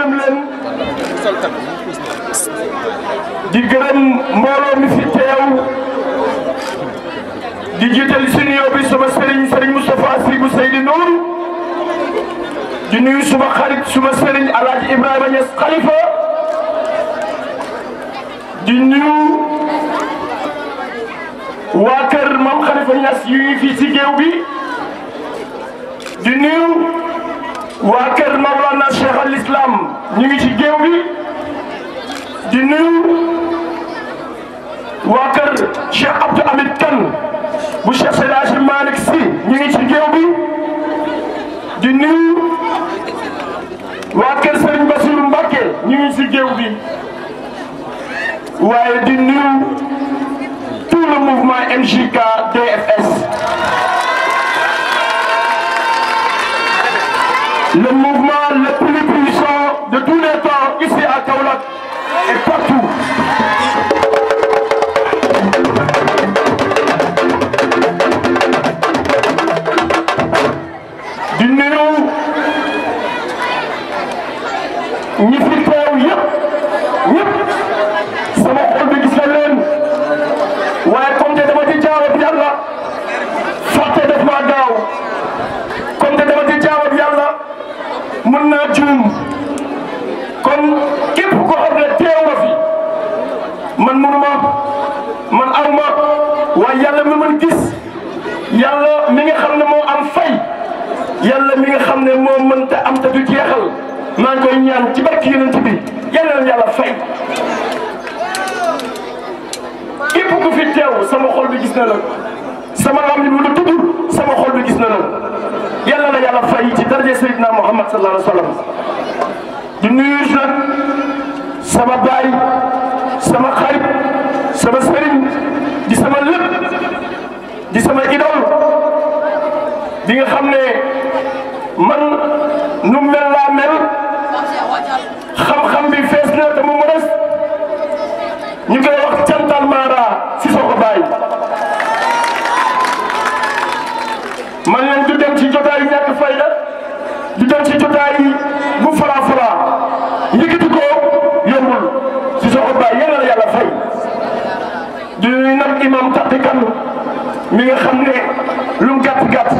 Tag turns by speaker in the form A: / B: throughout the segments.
A: gërëm leen di gërëm mbooloo mi fi teew di jiital si nuyoo bi sama sëriñ sëriñ Moustapha Sy bu Seydi Nour di nuyu suma xarit suma sëriñ Alaaji di nuyu waa kër Mame Khalifa Niass yu si géew bi waa kër Mawlana Cheikh al Islam ñu ngi ci géew bi di nuyu waa kër Cheikh Abdou Hamid bu Cheikh El Hadji Malick Sy ñu ngi ci géew bi di nuyu waa kër Serigne Bassirou Mbacké ñu ngi ci géew bi waaye di nuyu tout le mouvement MJK DFL teew yëpp ñëpp sama xol bi gis na leen waaye comme te dama ci jaawab yàlla fàtte def maa daaw comme te dama ci jaawab yàlla mën naa juum kon képp ko xam ne teew ma fi man mënuma man mën gis yàlla mi nga xam ne moo am mi nga xam ne moo mënta am te du jeexal maa ngi koy ñaan ci barke yonent bi yàlla na yàlla fay képp ku fi teew sama xol bi gis na la sama am lu la tudd sama xol bi gis na la yàlla na yàlla fay ci daraja Seydina Muhammad sallallahu alayhi wa sallam di nuyu nag sama baay sama xarit sama ak imam Tati mi nga xam ne lu mu gàtt gàtt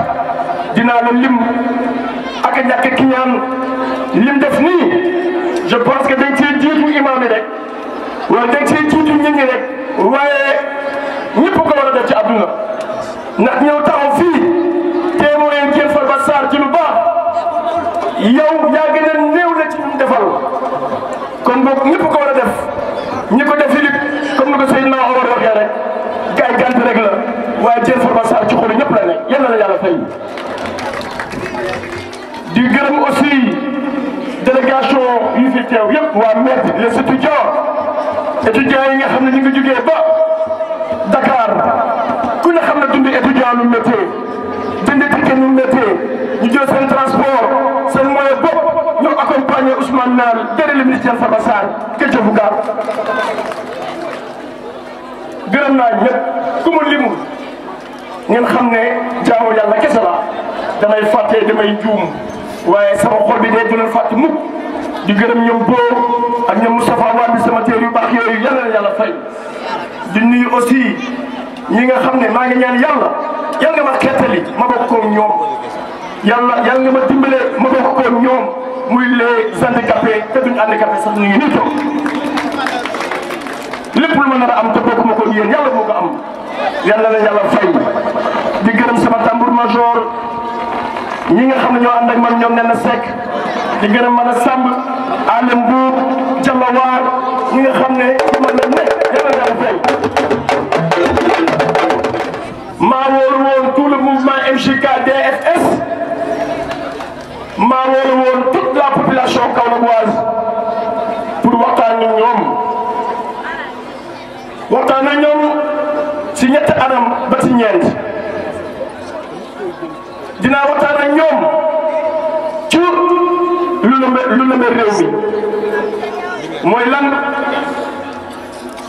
A: dinaa la lim ak a ñàkk ki ñaan lim def nii je pense que dañ cee jiitu imam yi rek wala dañ cee jiitu nit ñi rek waaye ñëpp ko war a def ci àdduna ndax ñëw taxaw fii téeméer jéem fa ba saar ci lu baax yow yaa gën a néew la ci defal kon boog ñëpp ko waaye Thiel Farba ci xolu ñëpp la ne yal na la yàlla fay di gërëm aussi délégation yu fi teew yëpp waa MET les étudiants étudiants yi nga xam ne ñu ngi jugee ba Dakar ku ne xam ne dund étudiant lu métti dund ticket lu métti ñu jël seen transport seen moyen bopp ñu accompagner Ousmane Naar derrière le ministère Farba Sarr ke gërëm naa ñëpp ku mu limul ngeen xam ne jaamu yàlla kese la damay fàtte damay juum waaye sama xol bi dee du leen fàtte mukk di gërëm ñoom boo ak ñoom Moustapha waa sama teer yu baax yooyu yàlla na yàlla fay di nuyu aussi ñi nga xam ne maa ngi ñaan yàlla yàlla nga ma xettali ma bokk ñoom yàlla yàlla nga ma dimbale ma bokk ko ñoom muy les handicapés te duñ handicapé sax ñu ngi nii toog lépp lu ma nar am te bokk ma ko yéen yàlla moo ko am yal na la yàlla fay di gërëm sama tambour major ñi nga xam ne ñoo ànd ak man ñoom nee na sekk di gërëm man a sàmb alem buub jalawaar ñi nga xam ne man la nekk yal na yàlla fay maa wóolu woon tout le mouvement MJK DFS maa wóolu woon toute la population kaolackoise pour waxtaan ak ñoom waxtaan ak ñoom ñetti anam ba ci ñeent ñoom ci lu lëmbe réew mooy lan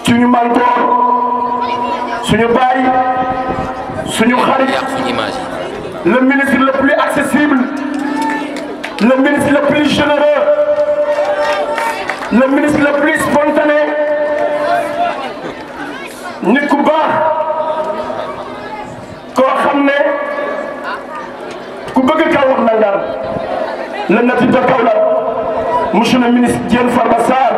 A: suñu mentor suñu baay suñu xarit le ministre le plus accessible le ministre le plus généreux le ministre le plus spontané nit le natif de Kaolack monsieur le ministre Diène Farba Sarr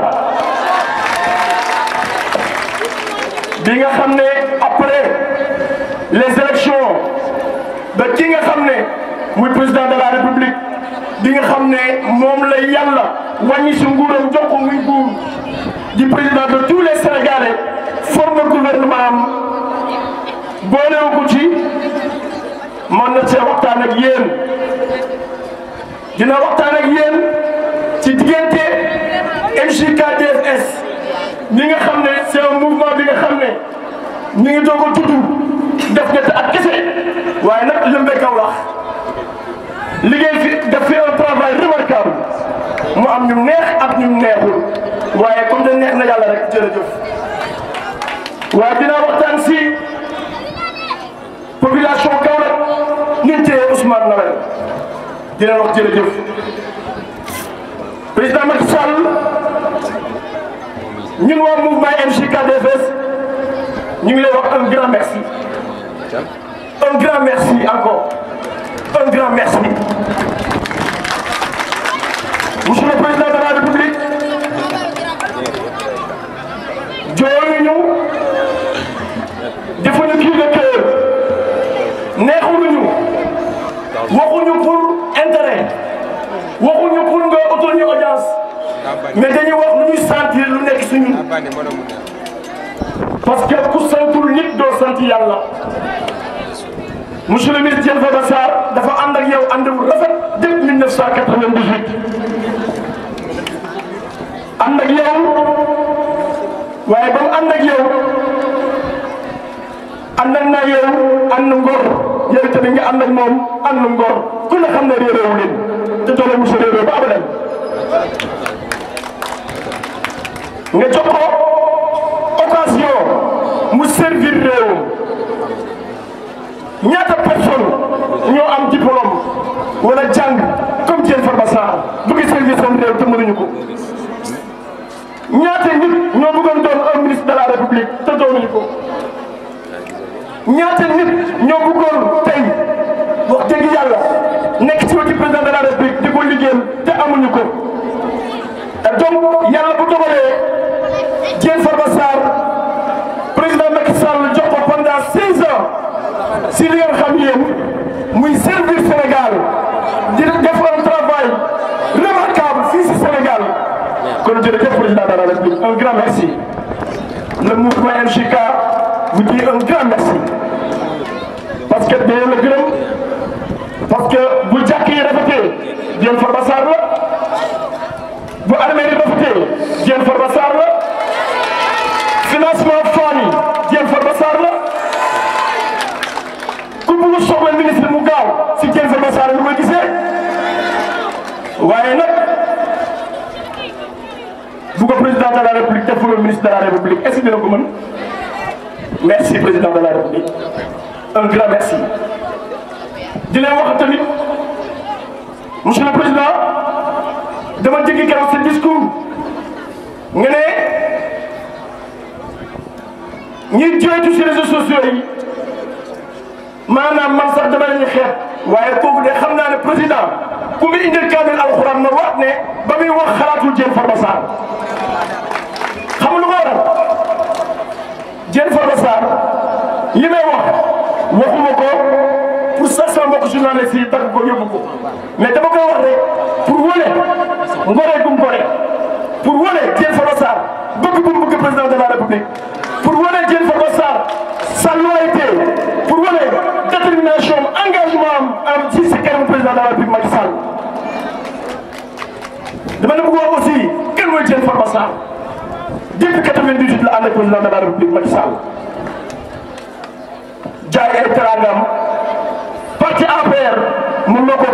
A: bi nga xam ne après les élections ba ki nga xam ne muy président de la république bi xam ne moom la yàlla wàññi si nguuram jox ko muy nguur di président de tous les sénégalais forme gouvernement am boolewu ko ci mën na cee waxtaan ak dina waxtaan ak yéen ci diggante MJKDFS ñi nga xam xam ne ñu ngi doog a tudd def ñetti at kese nag lëmbe Kaolack liggéey fi def fi un travail mu am ñu neex ak ñu neexul waaye comme da neex na yàlla rek jërëjëf waaye dina waxtaan si population Kaolack ñu téye Ousmane Noël. di leen wax jërëjëf président Macky Sall ñun waa mouvement MJKDFS ñu ngi lay wax un grand merci un grand merci encore un grand merci monsieur le président de la république jooyu ñu defuñu kii de kër neexuñu waxuñu pour mais dañuy wax lu ñuy sentir lu nekk suñu parce que ku santul nit doo sant yàlla monsieur le ministre Diène Farba Sarr dafa ànd ak yow ànd bu rafet depuis 1998 ànd ak yow waaye ba mu ànd ak na ànd ak naa yow ànd ngor yow tamit nga ànd ak moom ànd ngor ku ne xam ne réeréewu leen te doole monsieur réeréew ba abadan nga jox ko occasion mu servir réewam ñaata personne ñoo am diplôme wala jàng comme Diène Farba Sarr bëgg servir seen réew te mënuñu ko ñaata nit ñoo bëggoon doon un ministre de la république te doonuñu ko ñaata nit ñoo bëggoon tey wax dëgg yàlla nekk ci wetu président de république di ko liggéeyal te amuñu ko te donc yàlla bu dogalee Diène Farba Sarr président Macky Sall jox ko pendant six ans si li ngeen xam yéen muy servir Sénégal di def un travail si Sénégal kon jërëjëf président de grand merci le mouvement MJK vous dit un grand merci parce que dañoo la gërëm parce que bu jàkkee président de la république defuloo ministre de la république est-ce que dina ko mën merci président de la république un grand merci. di leen wax tamit monsieur le président dama jéggi keroog sa discours nga ne ñi jooytu si réseaux sociaux yi maanaam man sax dama leen xeet waaye kooku de xam naa ne président ku muy indil kaamil alxuraan ma wax ne ba muy wax xalaatul jéem Farba Sarr li may wax waxuma ko pour sa sama mbokk journaliste yi dagg ko yóbbu ko mais dama koy wax rek pour wane ngoree gum gore pour wane Diène Farba Sarr bëgg mu bëgg président de la république pour wane Diène Farba Sarr sa loyauté pour wane engagement am am ci président de la république Macky Sall dama ne bëgg wax aussi kan mooy Diène Farba Sarr depuis 98 la ak ay teraangam parti APR mën na ko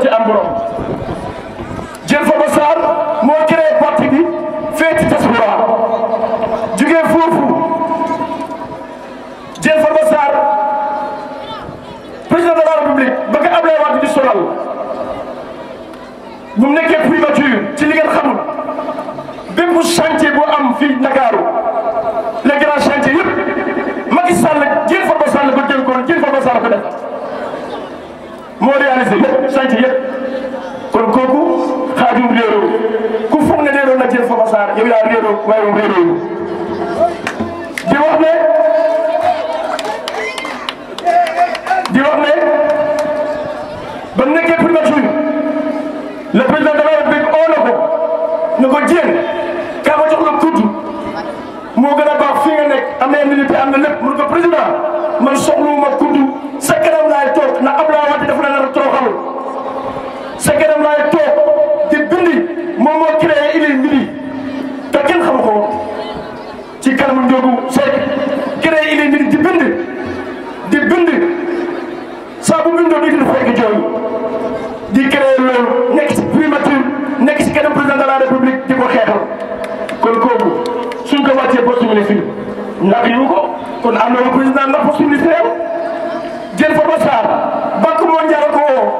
A: ci am borom jël fa ba Sarr moo créé parti bi féeti diaspora jugee foofu jël fa ba président de la république ba ko Abdoulaye solal bu nekkee primature ci li ngeen douze chantier bu am fii Ndakaaru les grands chantiers yëpp Macky Sall jël Farba Sall ko jël koon jël Farba Sall ko def moo réalisé yëpp chantier yëpp kon kooku xaajum réeroo ku foog ne réeroo nag jël Farba Sall yow yaa réeroo waaye yow réeroo di wax ne di wax ne ba nekkee primature le président de la République oo na ko na ko jéem moo gën a baax fii nga nekk am na indilité am na lépp mun ko président man soxluwuma kuddu sa kanam laay toog na Ablaye ndax yu ko kon am na président la possibilité jël fa ba Sarr banque mondiale ko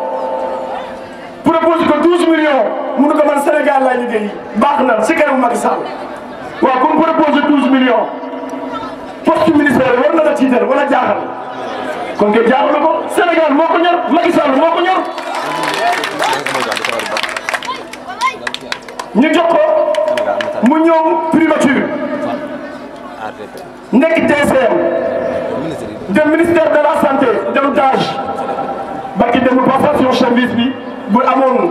A: propose ko 12 millions mu ne ko man Sénégal laay si kanamu Macky Sall waaw comme propose 12 millions wala jaaxal kon nga jaaxal ko Sénégal moo ko ñor Macky Sall moo ko mu ñëw. nekk DCM e. dem ministère de la santé dem DAGE barki dem passation service bi bu amoon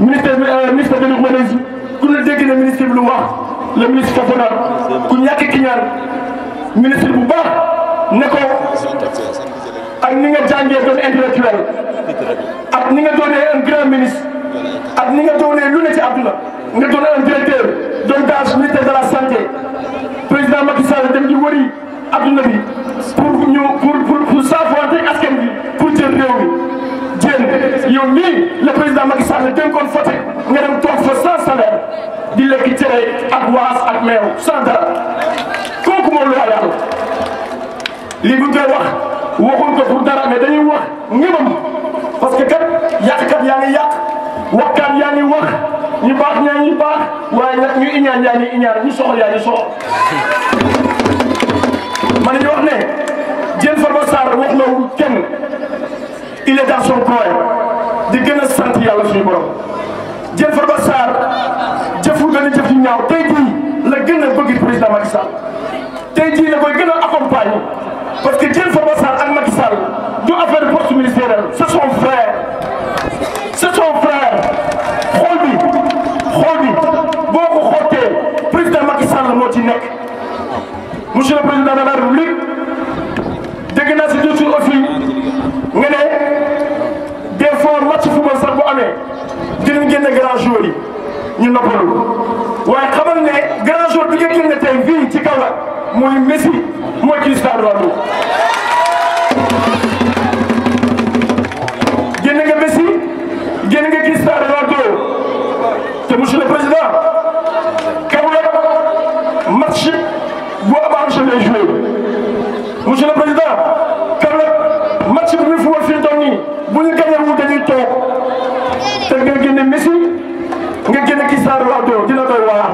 A: ministère euh, ministère de l'urbanisme ku ne dégg na ministre bi lu wax le ministre Fofana ku ñàkk ki ñaan ministre bu baax ne ko ak ni nga jàngee doon intellectuel ak ni nga doonee un grand ministre ak ni nga doonee lu ne ci àdduna nga doon un directeur doon DAGE ministère de la santé président Macky Sall dem adduna bi pour ñu pour pour saafoonte askan pour jël réew mi le président Macky Sall dénkoon fote nga toog fa sans salaire di lekk cere ak waas ak meew sans dara kooku moom loyal lii bu koy wax waxuñ ko pour dara mais dañuy wax ngëmam parce que kat yàqkat yaa ngi yàq waxkat yaa ngi baax ñaa ngi baax waaye nag ñu ma ne ñu wax ne Diène Farba Sarr wax loolu kenn il est dans son coin di gën a sant yàlla suñu borom Diène Farba Sarr jëfu gën a jëf yu ñaaw tey jii la gën a bëgg président Macky Sall tey jii la koy gën a accompagner parce que Diène Farba Sarr ak Macky Sall du affaire poste ministériel c'est son frère c'est son frère xool bi xool bi boo ko xottee président Macky Sall moo ci nekk. monsieur le président de la république dégg naa si jotul aussi nga ne des fois match football sax bu amee dinañ génne grand joueur yi ñu noppalu waaye xamal ne grand joueur bi nga génne tey fii ci Kaolack mooy Messi mooy Cristiano Ronaldo génne nga Messi génne nga Cristiano le président keroog match bi ñu football fii toog nii bu toog te nga génne Messi nga génne Cristiano Ronaldo dina doy waar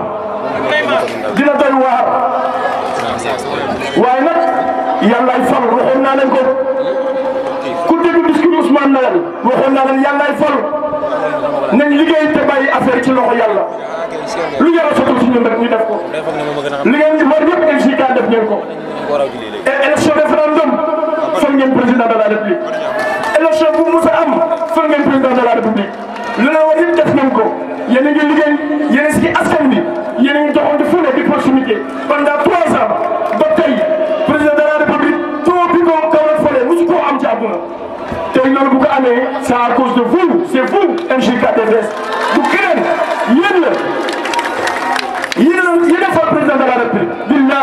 A: dina doy waar waaye nag yàllaay fal waxoon naa leen ko ku dégg discours Ousmane Noël waxoon naa leen yàllaay fal nañ liggéey te bàyyi affaire ci loxo yàlla lu yàlla sotul ci ñun rek ñu def ko li ngeen di mën yëpp def ngeen ko. et élection référendum foog ngeen président de la république élection bu mu sa am foog ngeen président de la république lu ne war yëpp def nañ ko yéen a ngi liggéey yéen a si askan bi yéen a ngi doxantu fu ne di proximité pendant trois ans ba tey président de la république taux bi ko Kaolack fole mosu koo am ci àdduna tey loolu bu ko amee c'est à cause de vous c'est vous MJKTBS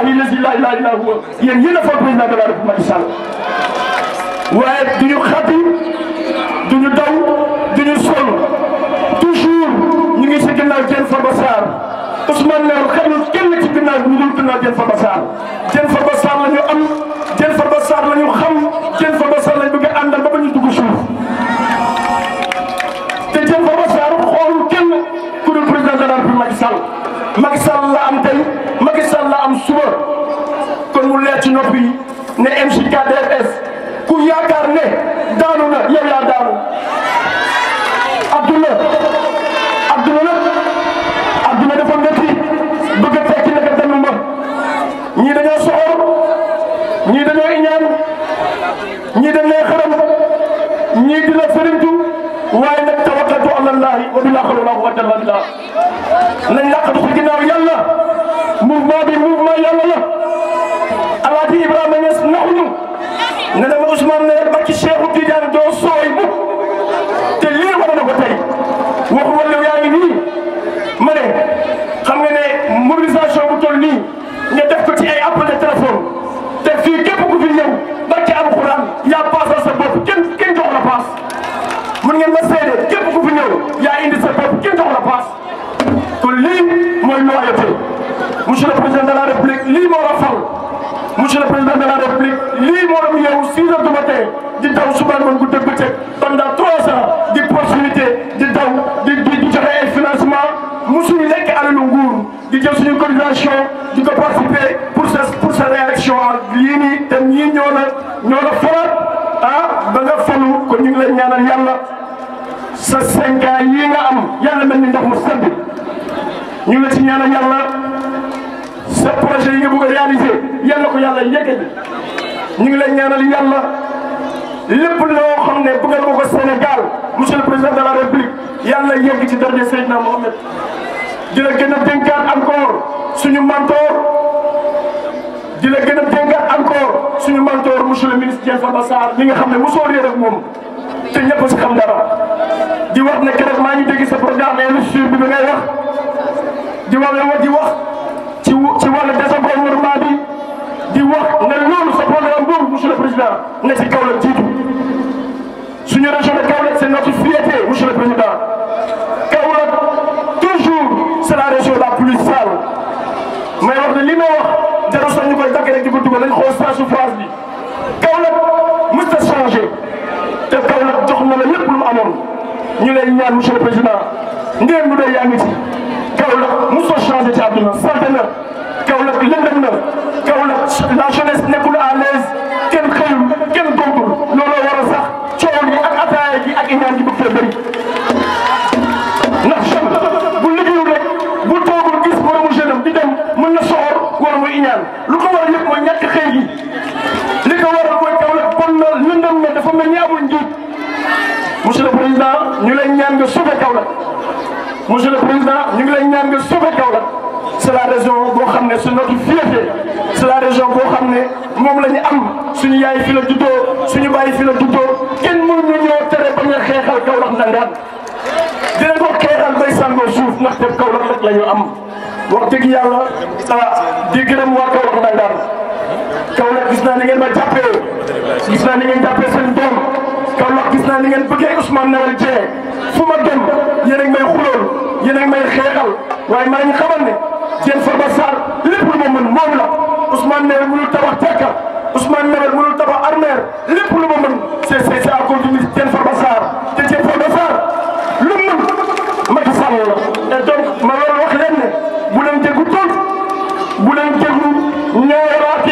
A: billahi lazi la ilaha illa huwa yéen yéen a fal président de la République Macky Sall waaye du ñu xati du ñu daw du ñu sol toujours ñu ngi si ginnaaw Diène Farba Sarr Ousmane Lew xamul kenn ci ginnaaw ñu dul ginnaaw Diène Farba Sarr Diène Farba Sarr la ñu am Diène Farba Sarr la ñu xam Diène Farba Sarr mu leer ci nopp yi ne MJKDFS ku yaakaar ne daanu na yow yaa daanu adduna adduna nag adduna dafa métti bëgg a tekki naka ma ñii dañoo soxor ñii dañoo iñaan ñii dañ lay xaram ñii di la fërintu waaye nag tawakkatu alallahi wa bil akhir wa wa taballa nañ laqatu ci ginnaaw yàlla mouvement bi mouvement yàlla la Ibrahima Niass naxuñu ne dama Ousmane ne bakki Cheikh suba ngoon bu dëgg bëccëg pendant trois ans di proximité di daw di di joxe ay financement musuñu lekk alalu nguur di jël suñu coordination di ko participer pour sa pour sa réaction ak lii nii te ñii ñoo la ñoo la faral ah kon ñu ngi lay ñaanal yàlla sa cinq ans nga am yàlla mel ni ndox ñu ngi la ci ñaanal yàlla sa projet yi nga bëgg a ko yàlla yeggali ñu ngi lay ñaanal yàlla. lépp loo xam ne bëgg nga ko Sénégal monsieur le président de la république yàlla yegg ci daraja Seydina Mohamed di la gën a dénkaat encore suñu mentor di la gën a dénkaat encore suñu mentor monsieur le ministre Diène Farba Sarr mi nga xam ne mosoo réer ak moom te ñëpp si xam dara di wax ne keroog maa ngi dégg sa programme investiture bi bi ngay wax di wax di wax ci ci wàllu désencombrement bi di wax ne loolu sa programme le président ne si kaw la jiitu. suñu région de Kaolack c'est notre fierté monsieur président Kaolack toujours c'est la région la plus sale may wax ne li ma wax jarul sax ñu koy tàggee rek di ko dugal nañ bi Kaolack mësta changé te Kaolack jox na la lépp lu mu amoon ñu lay ñaan monsieur le président ndéem bu dee yaa ngi ci Kaolack mosoo changé ci àdduna sant na Kaolack lëndëm na Kaolack la jeunesse nekkul monsieur le président ñu ngi lay ñaan nga sauver Kaolack c'est la région boo xam ne c'est notre fierté c'est la région boo xam ne moom la ñu am suñu yaay fi la juddoo suñu baay fi la juddoo kenn mënuñu ñoo tere ba nga xeexal Kaolack nangaan dina ko xeexal bay sàngoo suuf ndax def Kaolack rek la ñu am wax dëgg yàlla ah, di gërëm waa Kaolack nangaan Kaolack gis naa ni ngeen ma jàppee gis naa ni ngeen jàppee seen doom Kaolack gis naa ni ngeen bëggee Ousmane Noël Dieng fu ma dem yéen a ngi may xulool yéen a ngi may xeexal waaye maa ngi xamal ne Diène Farba Sarr lépp lu ma mën moom la Ousmane Noël mënul tabax tekka Ousmane Noël mënul tabax armeer lu ma mën c' est c' est à cause du Diène Farba Sarr te Diène Farba lu mu mën Macky Sall la et ma loolu wax leen ne bu leen déggu tool bu leen déggu